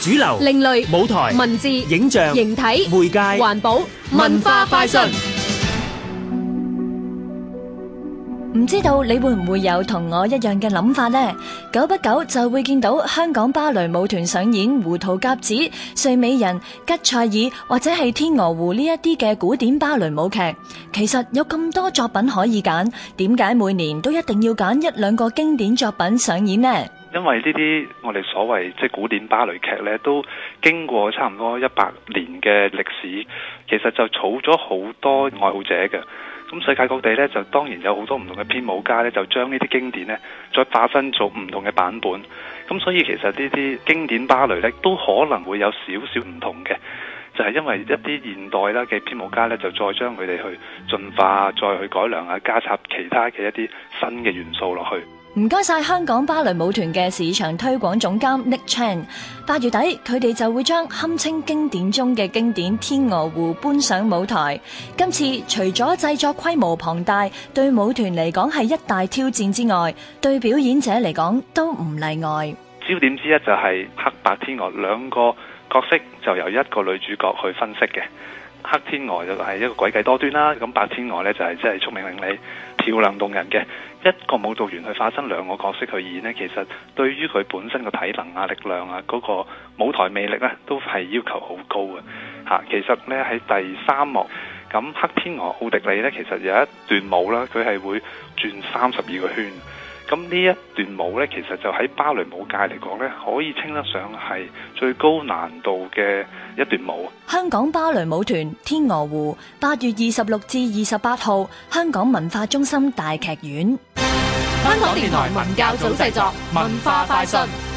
主流、另類舞台、文字、影像、形體、媒介、環保、文化快訊。唔知道你會唔會有同我一樣嘅諗法呢？久不久就會見到香港芭蕾舞團上演《胡桃夾子》《睡美人》《吉賽爾》或者係《天鵝湖》呢一啲嘅古典芭蕾舞劇。其實有咁多作品可以揀，點解每年都一定要揀一兩個經典作品上演呢？因為呢啲我哋所謂即係古典芭蕾劇呢，都經過差唔多一百年嘅歷史，其實就儲咗好多愛好者嘅。咁世界各地呢，就當然有好多唔同嘅編舞家呢，就將呢啲經典呢再劃分做唔同嘅版本。咁所以其實呢啲經典芭蕾呢，都可能會有少少唔同嘅，就係因為一啲現代啦嘅編舞家呢，就再將佢哋去進化，再去改良下，加插其他嘅一啲新嘅元素落去。唔該晒香港芭蕾舞團嘅市場推廣總監 Nick Chan。八月底佢哋就會將堪稱經典中嘅經典《天鵝湖》搬上舞台。今次除咗製作規模龐大，對舞團嚟講係一大挑戰之外，對表演者嚟講都唔例外。焦點之一就係黑白天鵝兩個角色就由一個女主角去分飾嘅。黑天鵝就係一個詭計多端啦，咁白天鵝呢，就係即係聰明伶俐、漂亮動人嘅一個舞蹈員去化身兩個角色去演呢，其實對於佢本身嘅體能啊、力量啊、嗰個舞台魅力呢，都係要求好高嘅嚇。其實呢，喺第三幕咁黑天鵝奧迪利呢，其實有一段舞啦，佢係會轉三十二個圈。咁呢一段舞咧，其實就喺芭蕾舞界嚟講咧，可以稱得上係最高難度嘅一段舞。香港芭蕾舞團天鵝湖，八月二十六至二十八號，香港文化中心大劇院。香港電台文教組製作，文化快訊。